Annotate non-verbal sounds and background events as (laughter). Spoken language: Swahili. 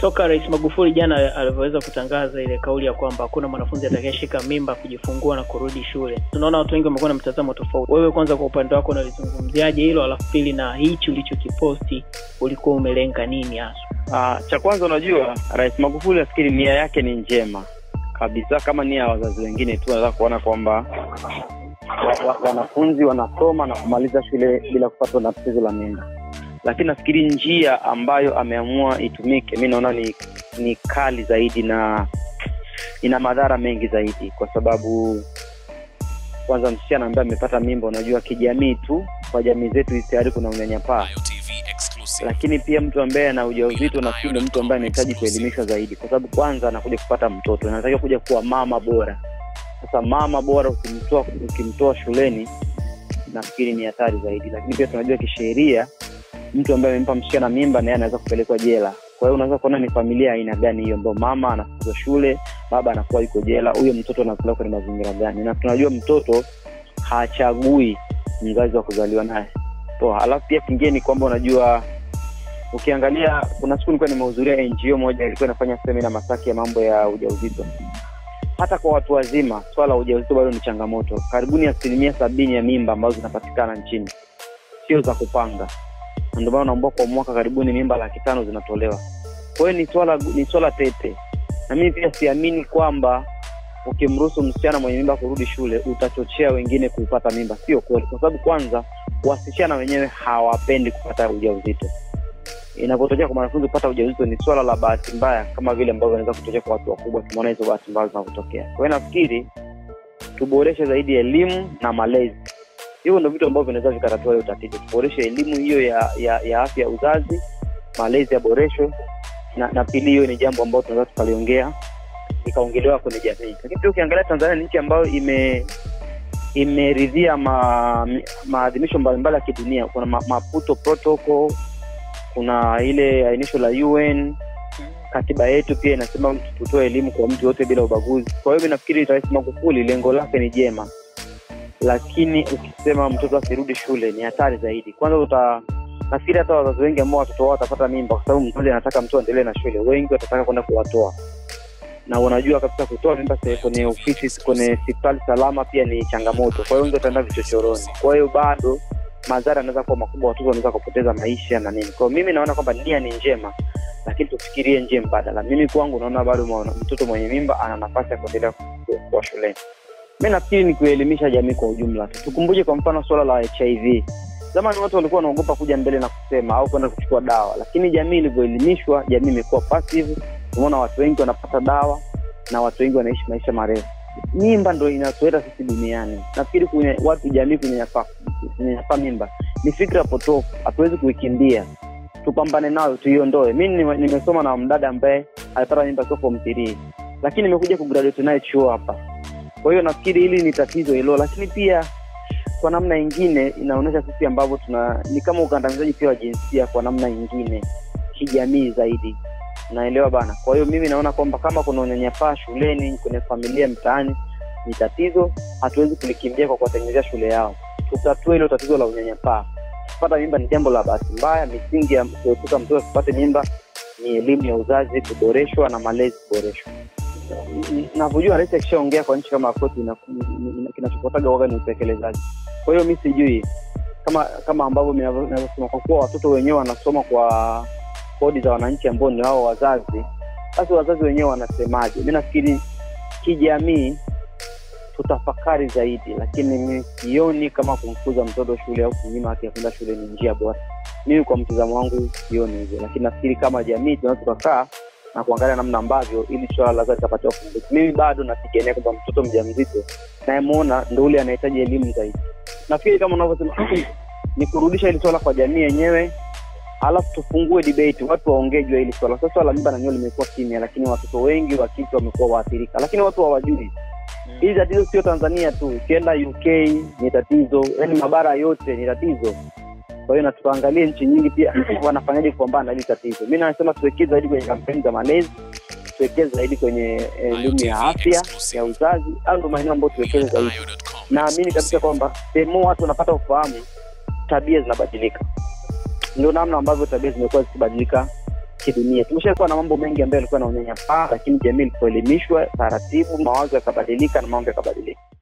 toka Rais Magufuli jana alivyoweza kutangaza ile kauli ya kwamba hakuna mwanafunzi atakayeshika mimba kujifungua na kurudi shule, tunaona watu wengi wamekuwa na mtazamo tofauti. Wewe kwanza, kwa upande wako unalizungumziaje hilo, alafu pili, na hichi ulichokiposti ulikuwa umelenga nini hasa? Ah, cha kwanza unajua, Rais Magufuli nafikiri nia yake ni njema kabisa, kama nia ya wazazi wengine tu, anataka kuona kwamba wanafunzi wa, wa, wanasoma na kumaliza shule bila kupatwa na tatizo la mimba lakini nafikiri njia ambayo ameamua itumike mi naona ni, ni kali zaidi na ina madhara mengi zaidi kwa sababu kwanza msichana ambaye amepata mimba unajua kijamii tu kwa jamii zetu tayari kuna unyanyapaa lakini pia mtu ambaye ana ujauzito nafikiri ni mtu ambaye anahitaji kuelimishwa zaidi kwa sababu kwanza anakuja kupata mtoto anatakiwa kuja kuwa mama bora sasa mama bora ukimtoa ukimtoa shuleni nafikiri ni hatari zaidi lakini pia tunajua kisheria mtu ambaye amempa msichana mimba naye anaweza kupelekwa jela kwa hiyo unaweza kuona ni familia aina gani hiyo ambao mama anafukuzwa shule baba anakuwa yuko jela huyo mtoto anapelekwa kwenye mazingira gani na tunajua mtoto hachagui mzazi wa kuzaliwa naye poa alafu pia kingine ni kwamba unajua ukiangalia kuna siku nilikuwa nimehudhuria ngo moja ilikuwa inafanya semina masaki ya mambo ya ujauzito hata kwa watu wazima swala la ujauzito bado ni changamoto karibuni asilimia sabini ya mimba ambazo zinapatikana nchini sio za kupanga ndio maana naomba kwa mwaka karibuni mimba laki tano zinatolewa kwa hiyo ni swala ni swala tete na mimi pia siamini kwamba ukimruhusu msichana mwenye mimba kurudi shule utachochea wengine kuipata mimba sio kweli kwa sababu kwanza wasichana wenyewe hawapendi kupata ujauzito inapotokea kwa mwanafunzi kupata ujauzito ni swala la bahati mbaya kama vile ambavyo inaweza kutokea kwa watu wakubwa tumeona hizo bahati mbaya zinavyotokea kwa hiyo nafikiri tuboreshe zaidi elimu na malezi hivyo ndo vitu ambavyo vinaweza vikatatua hiyo tatizo tuboreshe elimu hiyo ya ya, ya afya ya uzazi malezi yaboreshwe na, na pili hiyo ni jambo ambayo tunaweza tukaliongea ikaongelewa kwenye jamii lakini pia ukiangalia tanzania ni nchi ambayo ime imeridhia ma, maadhimisho mbalimbali ya kidunia kuna ma, maputo protocol kuna ile ainisho la un katiba yetu pia inasema tutoe elimu kwa mtu yote bila ubaguzi kwa hiyo inafikiri nafikiri rais magufuli lengo lake ni jema lakini ukisema mtoto akirudi shule ni hatari zaidi. Kwanza uta nafikiri hata wazazi wengi ambao watoto wao watapata mimba, kwa sababu mzazi anataka mtu aendelee na shule, wengi watataka kwenda kuwatoa, na unajua kabisa kutoa mimba kwenye ofisi, kwenye hospitali salama pia ni changamoto. Kwa hiyo wengi wataenda vichochoroni, kwa hiyo bado madhara anaweza kuwa makubwa, watoto wanaweza kupoteza maisha na nini. kwao mimi naona kwamba nia ni njema, lakini tufikirie njia mbadala. Mimi kwangu naona bado mtoto mwenye mimba ana nafasi ya kuendelea kuwa shuleni mi nafikiri ni kuelimisha jamii kwa ujumla tukumbuke kwa mfano suala la hiv zamani watu walikuwa wanaogopa kuja mbele na kusema au kwenda kuchukua dawa lakini jamii ilivyoelimishwa jamii imekuwa passive umeona watu wengi wanapata dawa na watu wengi wanaishi maisha marefu mimba ndo inatoeta sisi duniani nafikiri kunye, watu jamii kunyanyapaa mimba ni fikira potofu hatuwezi kuikimbia tupambane nayo tuiondoe mi nimesoma na mdada ambaye alipata mimba kiwa fomtirii lakini nimekuja kugraduate naye chuo hapa kwa hiyo nafikiri hili ni tatizo hilo, lakini pia kwa namna ingine inaonyesha sisi ambavyo tuna ni kama ukandamizaji pia wa jinsia kwa namna ingine kijamii zaidi, naelewa bana. Kwa hiyo mimi naona kwamba kama kuna unyanyapaa shuleni, kwenye familia, mtaani, ni tatizo, hatuwezi kulikimbia kwa kuwatengenezea shule yao. tutatua hilo tatizo la unyanyapaa. Kupata mimba ni jambo la bahati mbaya. Misingi ya kuepuka mtoto asipate mimba ni elimu ya uzazi kuboreshwa na malezi kuboreshwa navyojua rais akishaongea kwa nchi kama koti kinachopotaga waga ni utekelezaji kwa hiyo mi sijui kama kama ambavyo ninavyosema kwa kuwa watoto wenyewe wanasoma kwa kodi za wananchi ambao ni wao wazazi basi wazazi wenyewe wanasemaje mi nafikiri kijamii tutafakari zaidi lakini mi sioni kama kumfuza mtoto shule au kunyima haki ya shule ni njia bora mimi kwa mtizamo wangu sioni hivyo lakini nafikiri kama jamii tunaweza tukakaa na kuangalia namna ambavyo ili swala lazima litapatiwa ufumbuzi. Mimi bado napigania kwamba mtoto mja mzito nayemwona ndo ule anahitaji elimu zaidi. Nafikiri kama unavyosema (clears throat) ni kurudisha hili swala kwa jamii yenyewe, alafu tufungue debate, watu waongee juu ya hili swala. Sasa swala mimba nanyua limekuwa kimya, lakini watoto wengi wa kike wamekuwa waathirika, lakini watu hawajui mm. hili tatizo sio Tanzania tu, ukienda UK ni tatizo, yani mabara yote ni tatizo. Kwa hiyo na tuangalie nchi nyingi pia (clears throat) wanafanyaje kupambana na hili tatizo. mi nasema tuwekee zaidi kwenye kampeni za malezi, tuwekee zaidi kwenye eh, elimu ya afya ya uzazi, au ndo maeneo ambayo tuwekeze zaidi. Naamini kabisa kwamba sehemu watu wanapata ufahamu, tabia zinabadilika. Ndio namna ambavyo tabia zimekuwa zikibadilika kidunia. Tumeshakuwa na mambo mengi ambayo yalikuwa na unyanyapaa, lakini jamii ilipoelimishwa taratibu, mawazo yakabadilika na mambo yakabadilika.